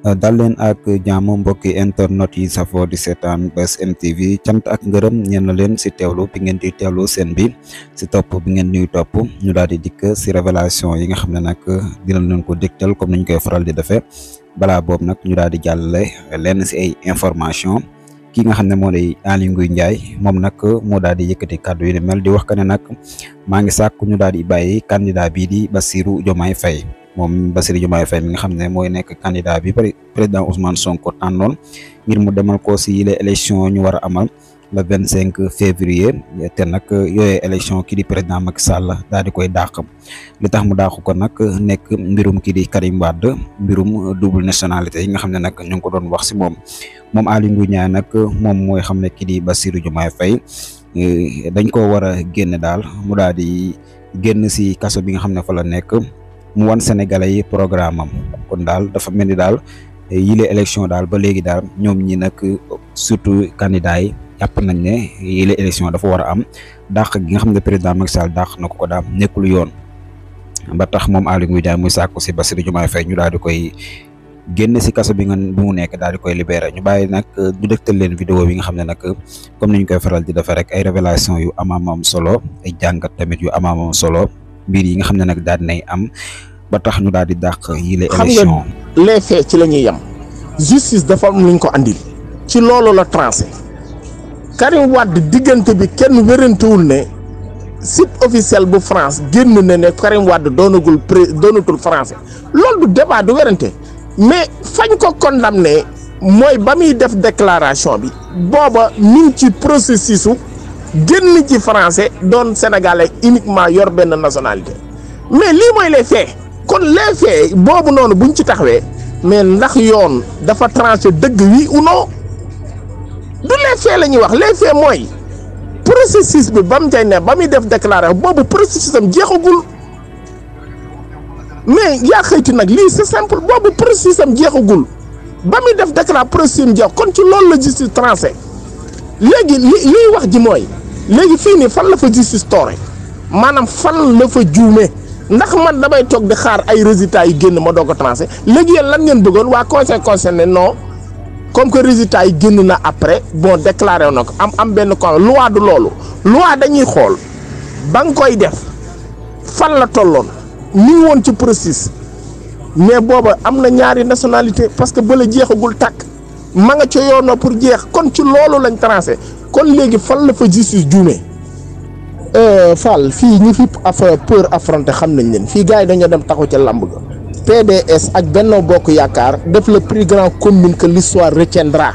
Eh, dal leen ak jàmm mbokki internet yi safoo di seetaan Buzz M TV cant ak ngërëm ñeen leen si teewlu bi ngeen di teewlu seen bi si topp bi ngeen ñuy topp ñu daal di dikk si révélation yi nga xam ne nag dinañ leen ko dégtal comme niñ koy faral di defee balaa boobu nag ñu daal di jàllale lenn si ay information ki nga xam ne moo di Aly Ngouille Ndiaye moom nag moo daal di yëkkati kàddu yi ni mel di wax que ne nag maa ngi sàkk ñu daal di bàyyi candidat bii di Bassirou Diomaye Faye mom basir Diomaye Faye mi nga xamne moy nek candidat bi president Ousmane Sonko tànnoon ngir mu demal ko ci les élection ñu wara amal le 25 février té nak yoyé élection ki di président Macky Sall dal di koy dàq li tax mu dàq ko nak nek mbirum ki di Karim Wade mbirum double nationalité yi nga xam nak ñu ko doon wax ci mom mom Ali Ngouña nak mom moy mooy ki di Bassirou Diomaye Faye eh, dañ ko wara génné dal mu dal di génn ci kasso bi nga xam fa la nek mu wan sénégal yi programme am kon daal dafa mel ni daal eh, yile élection daal ba léegi daal ñoom ñi nag surtout candidat yi jàpp nañ ne yile élection dafa war a am dàq gi nga xam ne président Macky Sall dàq na ko ko daal nekkul yoon ba tax moom Aly Ngouille Ndiaye muy sàkku si Bassirou Diomaye Faye ñu daal di koy génn si kaso bi nga bi mu nekk daal di koy libéré ñu bàyyi nag ñu te leen vidéo bi nga xam ne nag comme ni ñu koy faral di defee rek ay révélation yu amaamam solo ay jàngat tamit yu amaamam solo biir yi nga xam ne nag daal dinay am ba tax ñu daal di dàq yi la élection les faits ci la ñuy yem justice dafa am lu ñu ko andil ci loolu la trancé Karim Wade diggante bi kenn wérantewul ne site officiel bu France génn na ne Karim Wade doonagul pré doonatul français loolu du débat du wérante mais fañ ko condamné mooy ba muy def déclaration bi booba mi ci processus génni ci français donne sénégalais uniquement yor nationalité mais li moy les faits kon les faits mais ndax yoon dafa trancher wi ou non du les faits wax les faits processus bi bam def processus de mais ya xeyti nak une c'est simple le processus am jeexagul def processus am kon ci loolu la justice tranché léegi ce wax ji mooy léegi fii fan la fa justice toore se fan la fa juume ndax man damay toog di xaar résultats a conseil concerné non comme que résultats yi na après bon déclarer na am am ko loi du loi dañuy koy def fan la ni mais am na ñaari nationalité parce que ma nga ca yoonoo pour jeex kon ci loolu lañ tracé kon léegi fan la fa justice juumee euh, Fall fii ñu fi affaire peur affronté xam nañ leen fii gars yi dañoo dem taxaw ca lamb ga PDS ak Benno Bokk Yaakaar def le plus grand commune que l'histoire retiendra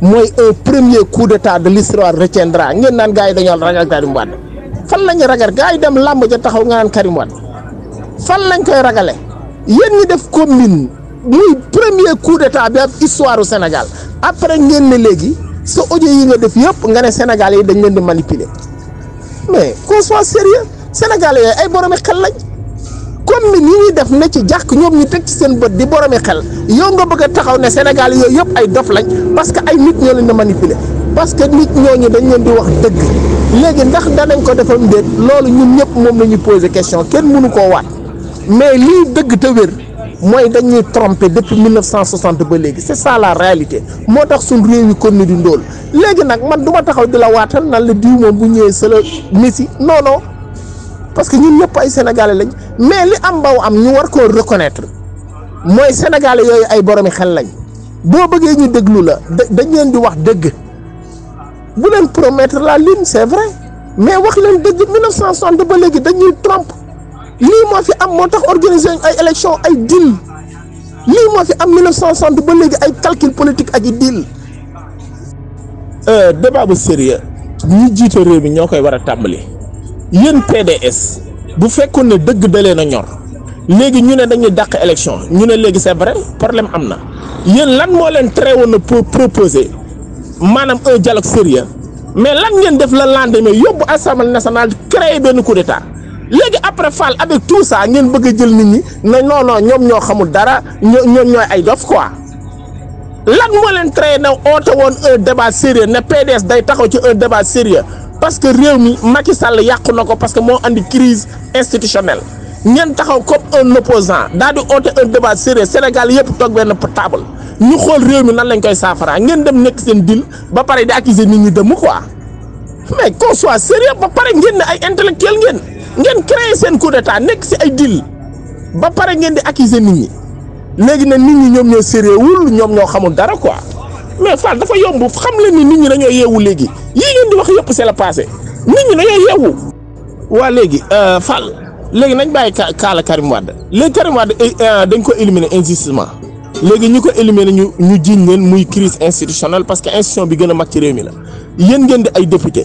mooy un premier coup d'état de l'histoire retiendra ngeen naan gaa yi dañoo ragal Karim Wade fan lañu ragal gars yi dem lamb ja taxaw nga naan Karim Wade fan lañ koy ragale yéen ñi def commune. le premier coup d'état bi histoire au Sénégal après ngeen ne ce audio yi nga def yépp nga né Sénégalais yi dañ leen di manipuler mais qu'on soit sérieux Sénégalais yooyu ay xel lañ comme ni ñi def na ci ñom ñu tek ci seen bët di xel yow nga bëgg taxaw né ay dof lañ parce que ay nit ñoo di manipuler parce que nit ñooñu dañ leen di wax dëgg légui ndax ko defam loolu ñun ñëpp moom la poser question kenn mënu ko mais lii dëgg te moy dañuy tromper depuis 1960 ba légui c'est ça la réalité motax sun suñ réew yi comme ni di ndóol léegi nag man duma taxaw dila la nan le diw mom bu ñëwee sele Messi non non parce que ñun ñëpp ay sénégalais lañ mais li am mbaw am ñu war ko reconnaître moy sénégalais yoy ay borom xel lañ bo bëggee ñu déglu la dañ leen di wax dëgg bu leen promettre la lune c'est vrai mais wax leen dëgg 1960 ba légui dañuy tromper lii moo fi am moo tax organiser ay élection ay deal lii moo fi am 1960 ba léegi ay calcul politique ak i deal. Euh, débat bu sérieux ñi jiite réew mi ñoo koy war a tàmbali yéen PDS bu fekkoon ne dëgg dalee na ñor léegi ñu ne dañuy dàq élection ñu ne léegi c'est vrai problème am na yéen lan moo leen tere woon na proposer maanaam un dialogue sérieux mais lan ngeen def la lendemain yóbbu assemblée nationale créer benn coup d'état léegi après Fall avec tout ça ngeen bëgg a jël nit ñi ne noonoo ñoom ñoo xamul dara ñoo ñoom ñooy ay dof quoi lan moo leen traité ne oote woon a débat sérieux ne PDS day taxaw ci un débat sérieux parce que réew mi Macky Sall yàqu na ko parce que moo andi crise institutionnelle ngeen taxaw comme un opposant daal di oote un débat sérieux Sénégal yëpp toog benn table ñu xool réew mi nan lañ koy saafara ngeen dem nekk seen dil ba pare di accuser nit ñi dëmm quoi mais qu'on soit ba pare ngeen ne ay intellectuel ngeen. ngeen créer seen coup d'état nekk si ay deal ba pare ngeen di accuser nit ñi léegi nag nit ñi ñoom ñoo séréewul ñoom ñoo xamul dara quoi mais Fall dafa yomb xam leen ni nit ñi dañoo yeewu léegi yii ngeen di wax yëpp c'est le passé nit ñi dañoo yeewu. waa léegi euh, Fall léegi nañ bàyyi ka kaala Karim Wade léegi Karim Wade eh, euh, dañ ko éliminer injustement léegi ñu ko éliminer ñu ñu jiiñ leen muy crise institutionnelle parce que institution bi gën a mag ci réew mi la yéen ngeen di ay député.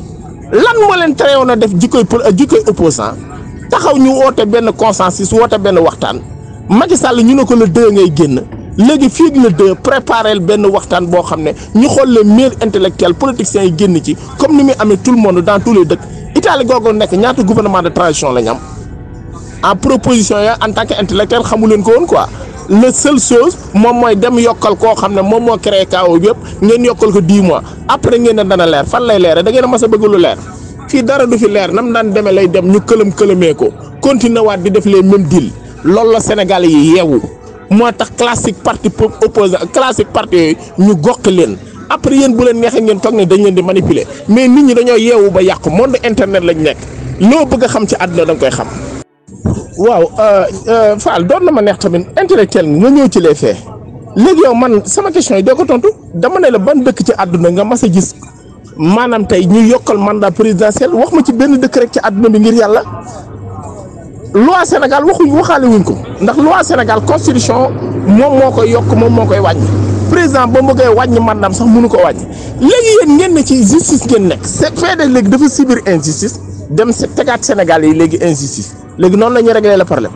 lan mo len terewoon a def jikkoy euh, jikkoy opposant taxaw ñu woote benn consensus wote ben waxtaan Macky Sall ñu ne ko le deux ngay génn léegi fi le deux préparer benn waxtaan bo xamné ñu xol les meilleurs intellectuels politiciens yi génn ci comme ni mi amé tout le monde dans tous les dëkk Italie gogo nek ñaata gouvernement de transition la ñam en proposition ya en tant que intellectuel xamu leen ko won quoi la seule chose moom mooy dem yokkal koo xam ne moom moo créé kaw yëpp ngeen yokkal ko 10 mois après ngeen ne dana leer fan lay leeree da ngeen a mas a bëgg leer fii dara du fi leer nam daan demee dem ñu këlëm këlëmee ko continuer waat di def leen mêmes deals loolu la Sénégal yi yeewu moo tax classique parti opposant classique parti yooyu ñu gox leen après yéen bu leen neexee ngeen toog ne dañ leen di manipuler mais nit ñi dañoo yeewu ba yàqu monde internet lañ nekk loo bëgg a xam ci àdduna da nga koy xam. waaw euh, euh, Fall doon la ma neex tamit intellectuel nga ñëw ci les faits léegi yow man sama question yi de ko tontu dama ne la ban dëkk ci àdduna nga mas a gis maanaam tey ñu yokkal mandat présidentiel wax ma ci benn dëkk rek ci àdduna bi ngir yàlla loi Sénégal waxuñ waxaale wuñ ko ndax loi Sénégal constitution moom moo koy yokk moom moo koy wàññi président ba mu bëggee wàññi mandaam sax mënu ko wàññi léegi yéen ngeen ne ci justice ngeen nekk c'est fait léegi dafa subir injustice dem tegaat Sénégal yi léegi injustice. léegi noonu la ñuy réglé le problème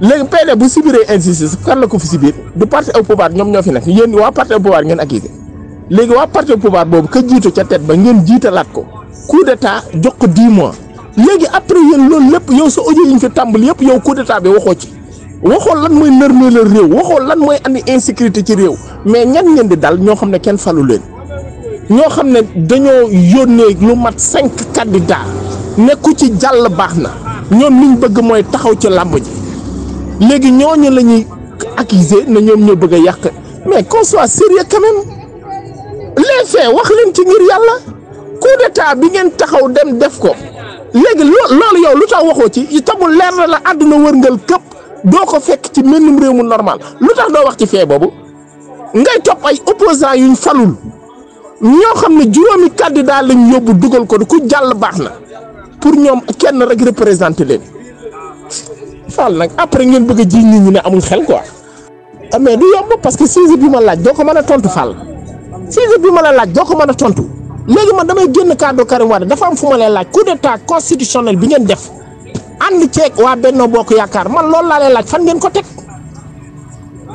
léegi PDS bu subiree injustice kan la ko fi subir du parti au pouvoir ñoom ñoo fi nekk yéen waa parti au pouvoir ngeen accusé léegi waa parti au pouvoir boobu ka jiitu ca tête ba ngeen jiitalaat ko coup d'état jox ko 10 mois léegi après yéen loolu lépp yow sa audio ñu fi tàmbali yëpp yow coup d'état bi waxoo ci waxoon lan mooy nërmee la réew waxoon lan mooy andi insécurité ci réew mais ñan ngeen di dal ñoo xam ne kenn falu leen ñoo xam ne dañoo yónnee lu mat cinq candidats nekku ci jàll baax na. ñoom liñ bëgg mooy taxaw ci làmb ji léegi ñooñu la ñuy accuser na ñoom ñoo bëgg a yàq mais qu'on soit sérieux quand même wax leen ci ngir yàlla coup d'état bi ngeen taxaw dem def ko léegi loolu yow lu tax waxoo ci tamul leer na la àdduna wërngal këpp doo ko fekk ci mennum réew mu normal lu tax doo wax ci fee boobu ngay topp ay opposants yuñ falul ñoo xam ne juróomi candidat lañ yóbbu dugal ko ku jàll baax na. pour ñoom kenn rek représenté leen Fall nag après ngeen bëgg a jiiñ nit ñi ne amul xel quoi ah, mais du yomb parce que sujet bi ma laaj doo ko man a tontu Fall sujet bi ma la laaj doo ko mën a tontu léegi man damay génn cadre Karim Wade dafa am fu ma lay laaj coup d'état constitutionnel bi ngeen def ànd ceeg waa Benno Bokk Yaakaar man loolu laa laaj fan ngeen ko teg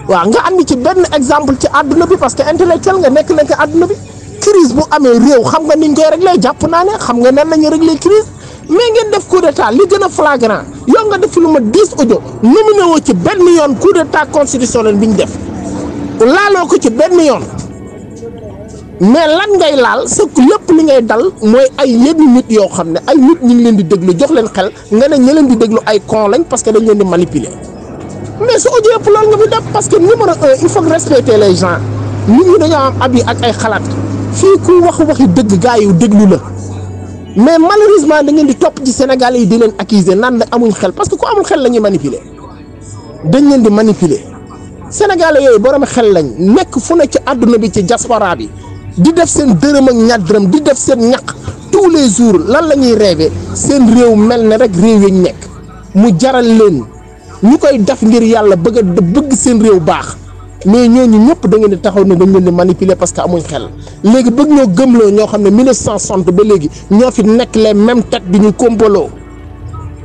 waaw nga andi ci benn exemple ci àdduna bi parce que intellectuel nga nekk nekk àdduna bi crise bu amee réew xam nga niñ koy réglé jàpp naa ne xam nga nen la ñuy réglé crise mais ngeen def coup d'état li gën a flagrant yow nga def lu ma dix audio nominé woo ci benn yoon coup d'état constitutionnel bi ñu def laaloo ko ci benn yoon mais lan ngay laal sa lëpp li ngay dal mooy ay yenn nit yoo xam ne ay nit ñu ngi leen di déglu jox leen xel nga ne ñi leen di déglu ay con lañ parce que dañ leen di manipuler mais su audio yëpp loolu nga fi def parce que numéro un il faut respecter les gens nit ñi dañoo am ab yi ak ay xalaat fii ku wax waxi dëgg déglu la. mais malheureusement les ngeen di top ci Sénégalais yi di leen accuser nan la parce que ko amul xel manipuler dañ di manipuler Sénégalais yoy borom xel lañ nek fu ne ci aduna bi ci diaspora bi di def ak di def tous les jours lan lañuy rêver réew rek réew mu jaral leen ngir bëgg mais ñooñu ñëpp da ngeen di taxaw ne dañ leen di manipuler parce que amuñ xel léegi bëgg ñoo gëmloo ñoo xam ne 1960 ba léegi ñoo fi nekk leen mêmes têtes di ñu kombaloo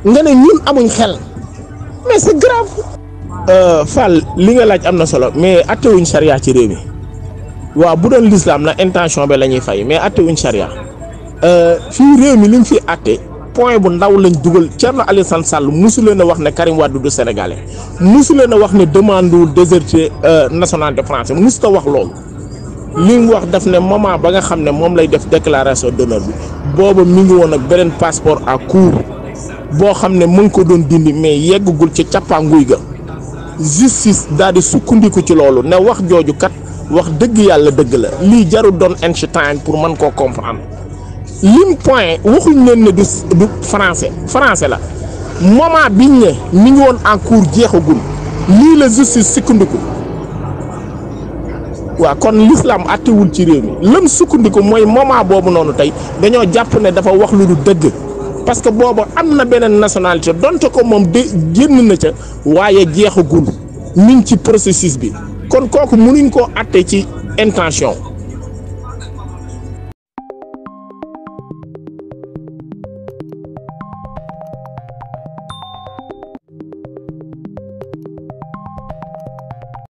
nga ne ñun amuñ xel mais c'est grave. Euh, Fall li nga laaj am na solo mais attewuñ charia ci réew mi waaw bu doon l'islam na intention be la ñuy fay mais attewuñ charia euh, fii réew mi li mu fi atte point bu ndaw lañ dugal Thierno Alassane Sall musu leen a wax ne Karim Wade du sénégalais musu leen a wax ne demande wu déserté euh, national de français musu ta wax loolu li mu wax daf ne moment ba nga xam ne moom lay def déclaration d'honneur bi booba mu ngi woon ak beneen passeport à court boo xam ne mu ngi ko doon dindi mais yeggagul ci cappaanguy ga justice daal di sukkandiku ci loolu ne wax jooju kat wax dëgg yàlla dëgg la lii jarul doon Einstein pour man koo comprendre. lim point waxuñ leen ne du du français français la moment biñ ne mi woon en cours jeexagul lii la justice sukkandiku waaw kon l'islam àttewul ci réew mi lam sukkandiku mooy moment boobu noonu tey dañoo jàpp ne dafa wax lu du dëgg parce que boobu am na beneen nationalité donte ko moom de génn na ca waaye jeexagul mi ngi ci processus bi kon kooku mënuñ koo àtte ci intention.